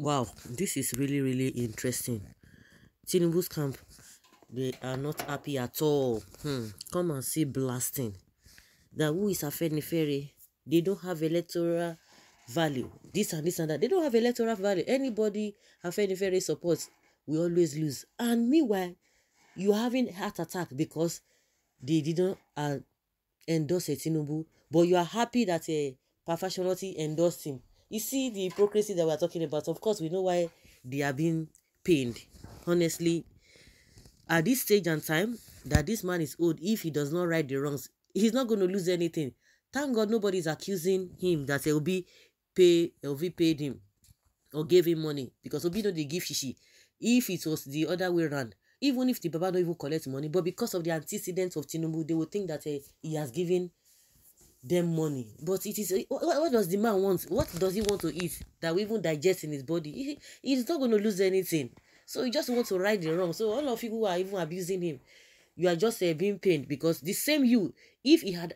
Wow, this is really, really interesting. Tinubu's camp, they are not happy at all. Hmm. Come and see blasting. That who is Ferry? They don't have electoral value. This and this and that. They don't have electoral value. Anybody Ferry supports, we always lose. And meanwhile, you having heart attack because they didn't uh, endorse a Tinubu, but you are happy that a uh, professionality endorsed him. You see the hypocrisy that we're talking about. Of course, we know why they are being pained. Honestly, at this stage and time that this man is old, if he does not right the wrongs, he's not going to lose anything. Thank God nobody is accusing him that be pay be paid him or gave him money because Obi know they give shishi. If it was the other way around, even if the baba don't even collect money but because of the antecedents of tinubu they will think that uh, he has given them money but it is uh, what, what does the man want what does he want to eat that will even digest in his body he is not going to lose anything so he just wants to right the wrong so all of you who are even abusing him you are just uh, being pained because the same you if he had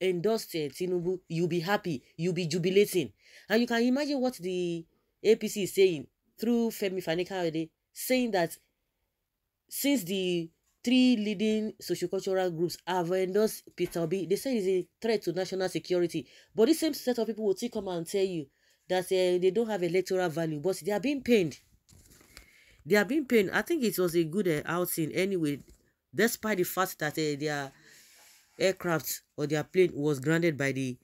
endorsed uh, tinubu you'll be happy you'll be jubilating and you can imagine what the apc is saying through femi fanikawede saying that since the three leading sociocultural groups have endorsed Peter Obi, they say he's a threat to national security. But this same set of people will still come and tell you that uh, they don't have electoral value, but they are being pained. They are being pained. I think it was a good uh, outing anyway, despite the fact that uh, their aircraft or their plane was granted by the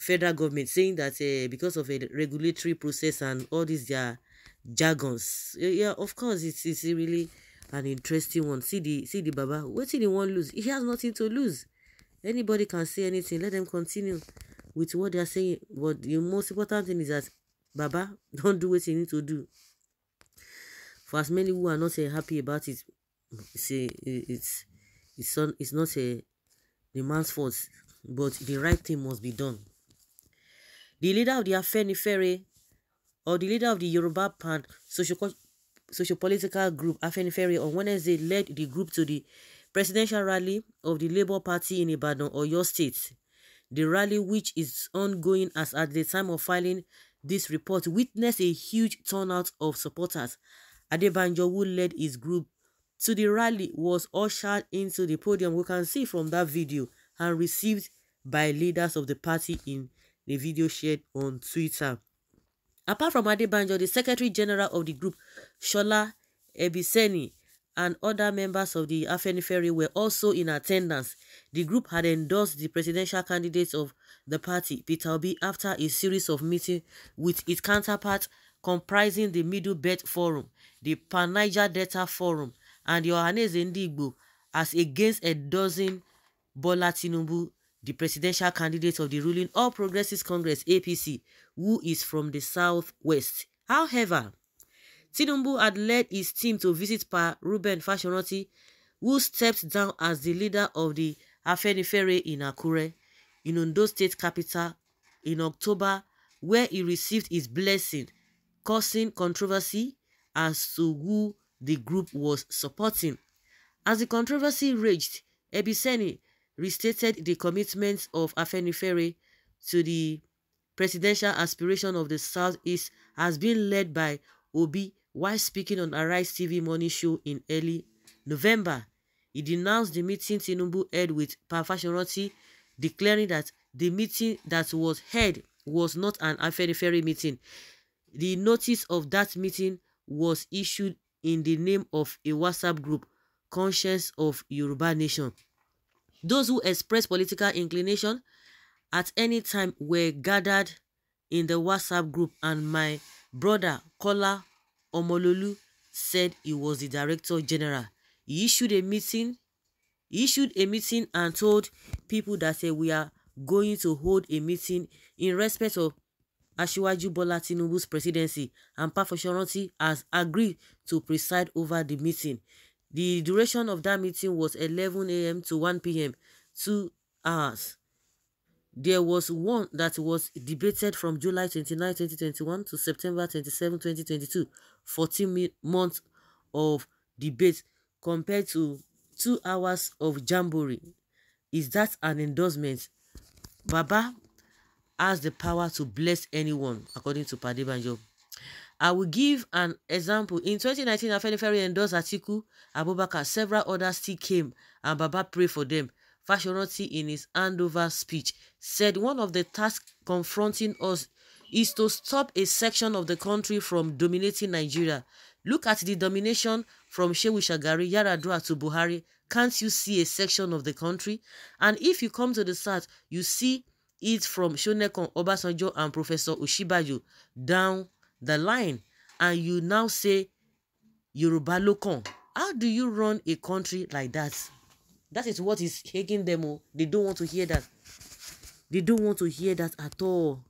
federal government, saying that uh, because of a regulatory process and all these their jargons. Yeah, of course, it's, it's really an interesting one. See the see the Baba. What he want lose? He has nothing to lose. Anybody can say anything. Let them continue with what they are saying. But the most important thing is that Baba, don't do what he need to do. For as many who are not uh, happy about it, say it's it's not it's not a eh, the man's fault, but the right thing must be done. The leader of the Afenifere, or the leader of the Yoruba Pan Social socio-political group Afenifere on Wednesday led the group to the presidential rally of the Labour Party in Ibadan, Oyo State. The rally, which is ongoing as at the time of filing this report, witnessed a huge turnout of supporters. Adebanjo, who led his group to the rally, was ushered into the podium, we can see from that video, and received by leaders of the party in the video shared on Twitter. Apart from Adebanjo, the Secretary General of the group, Shola Ebiseni, and other members of the Afenifere were also in attendance. The group had endorsed the presidential candidates of the party, Peter Obi, after a series of meetings with its counterpart comprising the Middle Belt Forum, the Pan-Niger Delta Forum, and the Ohanese Ndigbo, as against endorsing Bola Tinubu the presidential candidate of the ruling All Progressives Congress APC, who is from the southwest. However, Tinubu had led his team to visit Pa Ruben Fashionati, who stepped down as the leader of the Afenifere in Akure, in Ondo State capital, in October, where he received his blessing, causing controversy as to who the group was supporting. As the controversy raged, Ebiseni restated the commitment of Afenifere to the presidential aspiration of the Southeast has been led by Obi while speaking on Arise TV morning show in early November. He denounced the meeting Tinubu held with Pa Fashiranti, declaring that the meeting that was held was not an Afenifere meeting. The notice of that meeting was issued in the name of a WhatsApp group, Conscience of Yoruba Nation. Those who expressed political inclination at any time were gathered in the WhatsApp group and my brother Kola Omololu said he was the director general. He issued a meeting he issued a meeting and told people that say eh, we are going to hold a meeting in respect of Ashiwaju Bola Tinubu's presidency and Pafoshoranti has agreed to preside over the meeting. The duration of that meeting was 11 a.m. to 1 p.m., two hours. There was one that was debated from July 29, 2021 to September 27, 2022, 14 months of debate compared to two hours of jamboree. Is that an endorsement? Baba has the power to bless anyone, according to Padebanjo. I will give an example. In 2019, Afenifere endorsed Atiku Abubakar. Several others still came, and Baba prayed for them. Fashoranti, in his handover speech, said one of the tasks confronting us is to stop a section of the country from dominating Nigeria. Look at the domination from Shehu Shagari, Yaradua to Buhari. Can't you see a section of the country? And if you come to the south, you see it from Shonekan, Obasanjo, and Professor Ushibaju down the line and you now say Yoruba ló How do you run a country like that? That is what is hating them. Oh. They don't want to hear that. They don't want to hear that at all.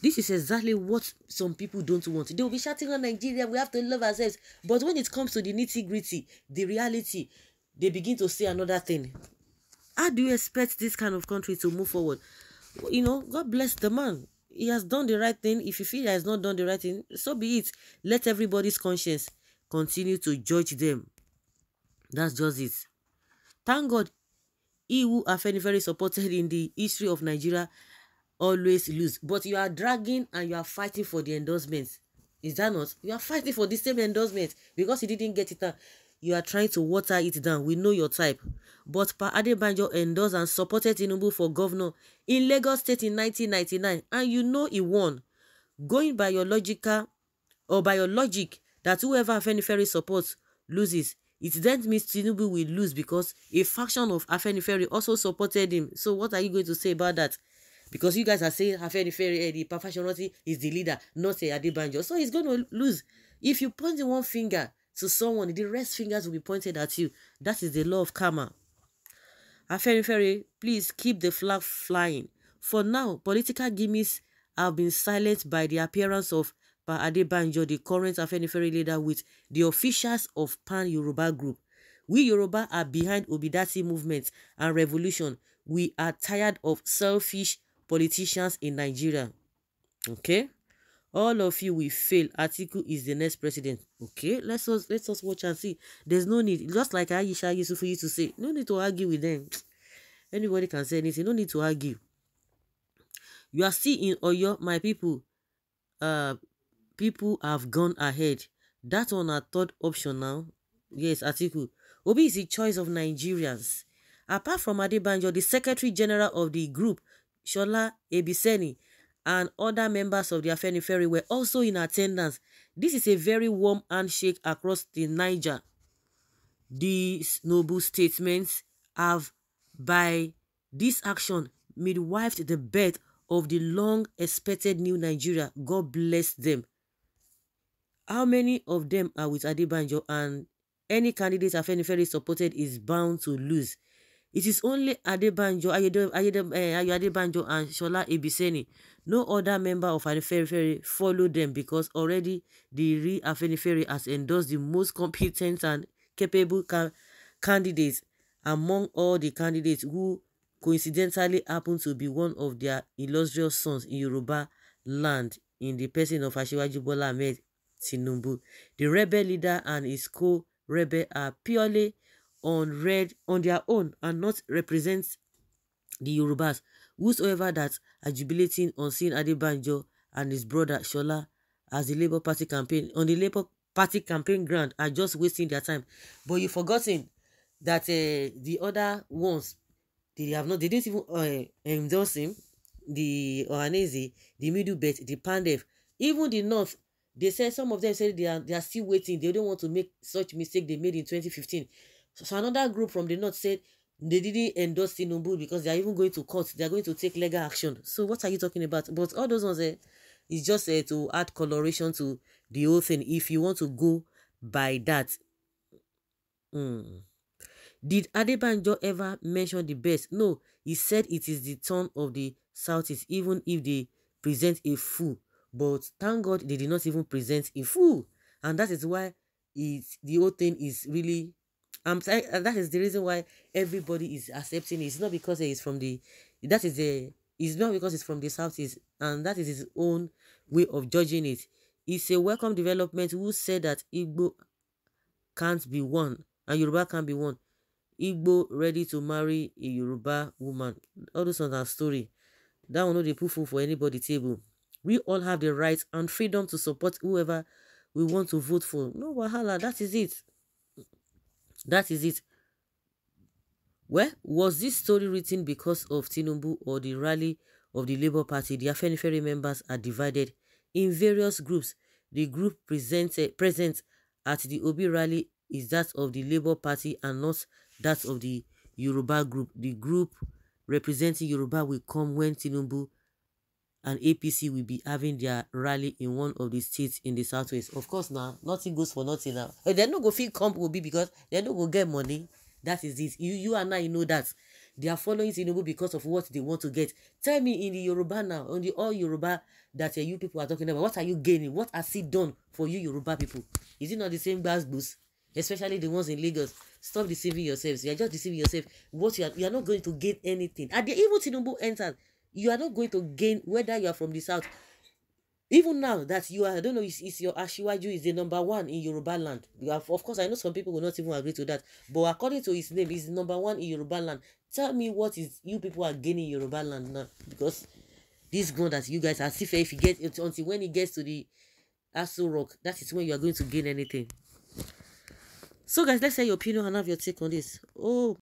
This is exactly what some people don't want. They will be shouting on Nigeria, we have to love ourselves. But when it comes to the nitty gritty, the reality, they begin to say another thing. How do you expect this kind of country to move forward? You know, God bless the man he has done the right thing if you feel he has not done the right thing so be it let everybody's conscience continue to judge them that's just it thank god he who very supported in the history of Nigeria always lose but you are dragging and you are fighting for the endorsement is that not you are fighting for the same endorsement because he didn't get it out You are trying to water it down. We know your type. But Pa Adebanjo endorsed and supported Tinubu for governor in Lagos State in 1999, and you know he won. Going by your logical or by your logic that whoever Afenifere supports loses, it then means Tinubu will lose because a faction of Afenifere also supported him. So what are you going to say about that? Because you guys are saying Afenifere, eh, the professionality is the leader, not eh, Adebanjo. So he's going to lose. If you point the one finger, to someone, the rest fingers will be pointed at you. That is the law of karma. Afẹ́nifẹ́re, please keep the flag flying. For now, political gimmicks have been silenced by the appearance of Pa Adebanjo, the current Afẹ́nifẹ́re leader, with the officials of Pan Yoruba Group. We Yoruba are behind Obidati movement and revolution. We are tired of selfish politicians in Nigeria. Okay? All of you will fail. Atiku is the next president. Okay, let's us let us watch and see. There's no need, just like Ayisha used for you to say, no need to argue with them. Anybody can say anything, no need to argue. You are still in Oyo, my people. Uh, people have gone ahead. That one our third option now. Yes, Atiku. Obi is the choice of Nigerians. Apart from Adebanjo, the Secretary General of the group, Shola Ebiseni, and other members of the Afenifere were also in attendance. This is a very warm handshake across the Niger. These noble statements have, by this action, midwifed the birth of the long-expected new Nigeria. God bless them. How many of them are with Adibanjo? and any candidate Afenifere supported is bound to lose? It is only Adebanjo, Ayode, Ayo eh, Adebanjo and Shola Ebiseni. No other member of Afenifere follow them because already the real Afenifere has endorsed the most competent and capable ca candidates among all the candidates who coincidentally happen to be one of their illustrious sons in Yoruba land in the person of Asiwaju Bola Ahmed Tinubu. The rebel leader and his co-rebel are purely on red on their own and not represent the Yorubas, whosoever that are jubilating on seeing Adebanjo and his brother Shola as the Labour Party campaign on the Labour Party campaign ground are just wasting their time. But you've forgotten that uh, the other ones they have not they didn't even uh, eh, endorse him, the Ohanese, the Middle Belt, the Pandev, even the North. They said some of them said they are they are still waiting. They don't want to make such mistake they made in 2015 So another group from the north said they didn't endorse Tinubu because they are even going to court. They are going to take legal action. So what are you talking about? But all those ones, uh, it's just uh, to add coloration to the whole thing. If you want to go by that. Mm. Did Adebanjo ever mention the best? No, he said it is the turn of the Southeast, even if they present a fool. But thank God they did not even present a fool. And that is why it the whole thing is really I'm sorry, eh, that is the reason why everybody is accepting It's not because it's from the that is the it's not because it's from the south is and that is his own way of judging it. It's a welcome development who said that Igbo can't be one and Yoruba can't be one. Igbo ready to marry a Yoruba woman. All those on that story. That will not be put for anybody table. We all have the right and freedom to support whoever we want to vote for. No wahala, that is it. That is it. Well, was this story written because of Tinubu or the rally of the Labour Party? The Afenifere members are divided in various groups. The group presented, eh, present at the Obi rally is that of the Labour Party and not that of the Yoruba group. The group representing Yoruba will come when Tinubu and APC will be having their rally in one of the states in the southwest. Of course, now nothing goes for nothing now. Eh, they're not going to come will be because they're not going to get money. That is it. You, you and I know that they are following Tinubu because of what they want to get. Tell me in the Yoruba now, on the all Yoruba that uh, you people are talking about, what are you gaining? What has he done for you Yoruba people? Is it not the same gas boost? Especially the ones in Lagos. Stop deceiving yourselves. You are just deceiving yourself. What you are, you are not going to gain anything. At the even Tinubu entered, you are not going to gain whether you are from the south even now that you are i don't know is is your Asiwaju is the number one in Yoruba land you have of course i know some people will not even agree to that but according to his name he's number one in Yoruba land tell me what is you people are gaining Yoruba land now because this ground that you guys are see if he get until when he gets to the Aso Rock that is when you are going to gain anything so guys let's hear your opinion and have your take on this oh